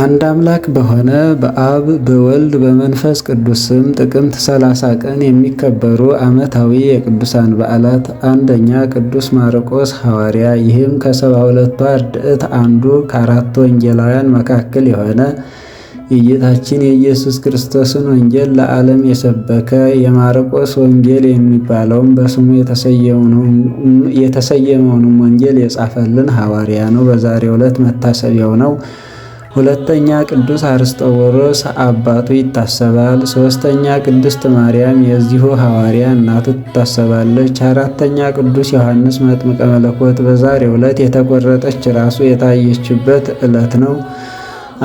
አንድ አምላክ በሆነ በአብ በወልድ በመንፈስ ቅዱስ ስም ጥቅምት ሰላሳ ቀን የሚከበሩ ዓመታዊ የቅዱሳን በዓላት፣ አንደኛ ቅዱስ ማርቆስ ሐዋርያ። ይህም ከሰባ ሁለቱ አርድዕት አንዱ ከአራቱ ወንጌላውያን መካከል የሆነ የጌታችን የኢየሱስ ክርስቶስን ወንጌል ለዓለም የሰበከ የማርቆስ ወንጌል የሚባለውም በስሙ የተሰየመውንም ወንጌል የጻፈልን ሐዋርያ ነው። በዛሬው ዕለት መታሰቢያው ነው። ሁለተኛ ቅዱስ አርስጠወሮስ አባቱ ይታሰባል። ሶስተኛ ቅድስት ማርያም የዚሁ ሐዋርያ እናቱ ትታሰባለች። አራተኛ ቅዱስ ዮሐንስ መጥምቀ መለኮት በዛሬ ዕለት የተቆረጠች ራሱ የታየችበት ዕለት ነው።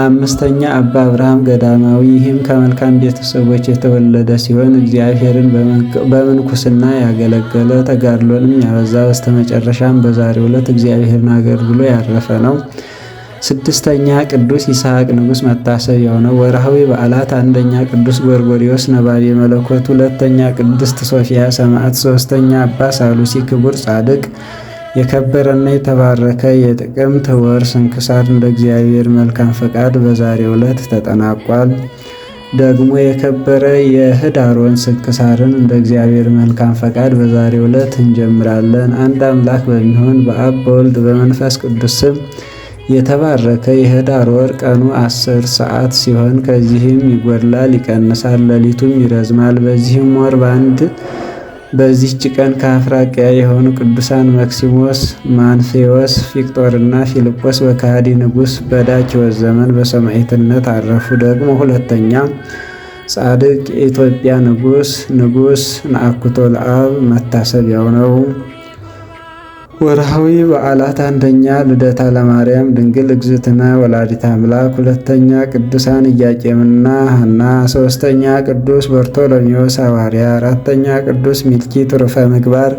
አምስተኛ አባ አብርሃም ገዳማዊ ይህም ከመልካም ቤተሰቦች የተወለደ ሲሆን እግዚአብሔርን በምንኩስና ያገለገለ ተጋድሎንም ያበዛ በስተመጨረሻም በዛሬ ዕለት እግዚአብሔርን አገልግሎ ያረፈ ነው። ስድስተኛ ቅዱስ ይስሐቅ ንጉሥ መታሰብ የሆነ ወርሃዊ በዓላት፣ አንደኛ ቅዱስ ጎርጎሪዎስ ነባቤ መለኮት፣ ሁለተኛ ቅድስት ሶፊያ ሰማዕት፣ ሶስተኛ አባ ሳሉሲ ክቡር ጻድቅ። የከበረና የተባረከ የጥቅምት ወር ስንክሳር እንደ እግዚአብሔር መልካም ፈቃድ በዛሬው ዕለት ተጠናቋል። ደግሞ የከበረ የህዳሮን ስንክሳርን እንደ እግዚአብሔር መልካም ፈቃድ በዛሬው ዕለት እንጀምራለን። አንድ አምላክ በሚሆን በአብ በወልድ በመንፈስ ቅዱስ ስም የተባረከ የህዳር ወር ቀኑ አስር ሰዓት ሲሆን ከዚህም ይጎድላል ይቀንሳል፣ ሌሊቱም ይረዝማል። በዚህም ወር በአንድ በዚህች ቀን ከአፍራቅያ የሆኑ ቅዱሳን መክሲሞስ፣ ማንፌዎስ፣ ፊቅጦርና ፊልጶስ በካሃዲ ንጉሥ በዳኪዎስ ዘመን በሰማዕትነት አረፉ። ደግሞ ሁለተኛ ጻድቅ የኢትዮጵያ ንጉሥ ንጉሥ ነአኩቶ ለአብ መታሰቢያው ነው። ወርሃዊ በዓላት አንደኛ ልደታ ለማርያም ድንግል እግዝእትነ ወላዲተ አምላክ፣ ሁለተኛ ቅዱሳን ኢያቄምና ሐና፣ ሶስተኛ ቅዱስ በርቶሎሜዎስ ሐዋርያ፣ አራተኛ ቅዱስ ሚልኪ ትሩፈ ምግባር፣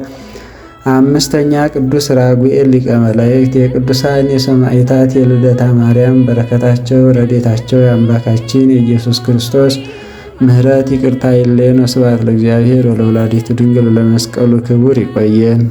አምስተኛ ቅዱስ ራጉኤል ሊቀ መላእክት። የቅዱሳን የሰማዕታት የልደታ ማርያም በረከታቸው ረዴታቸው የአምላካችን የኢየሱስ ክርስቶስ ምሕረት ይቅርታ ይለየን። ወስብሐት ለእግዚአብሔር ወለወላዲቱ ድንግል ለመስቀሉ ክቡር። ይቆየን።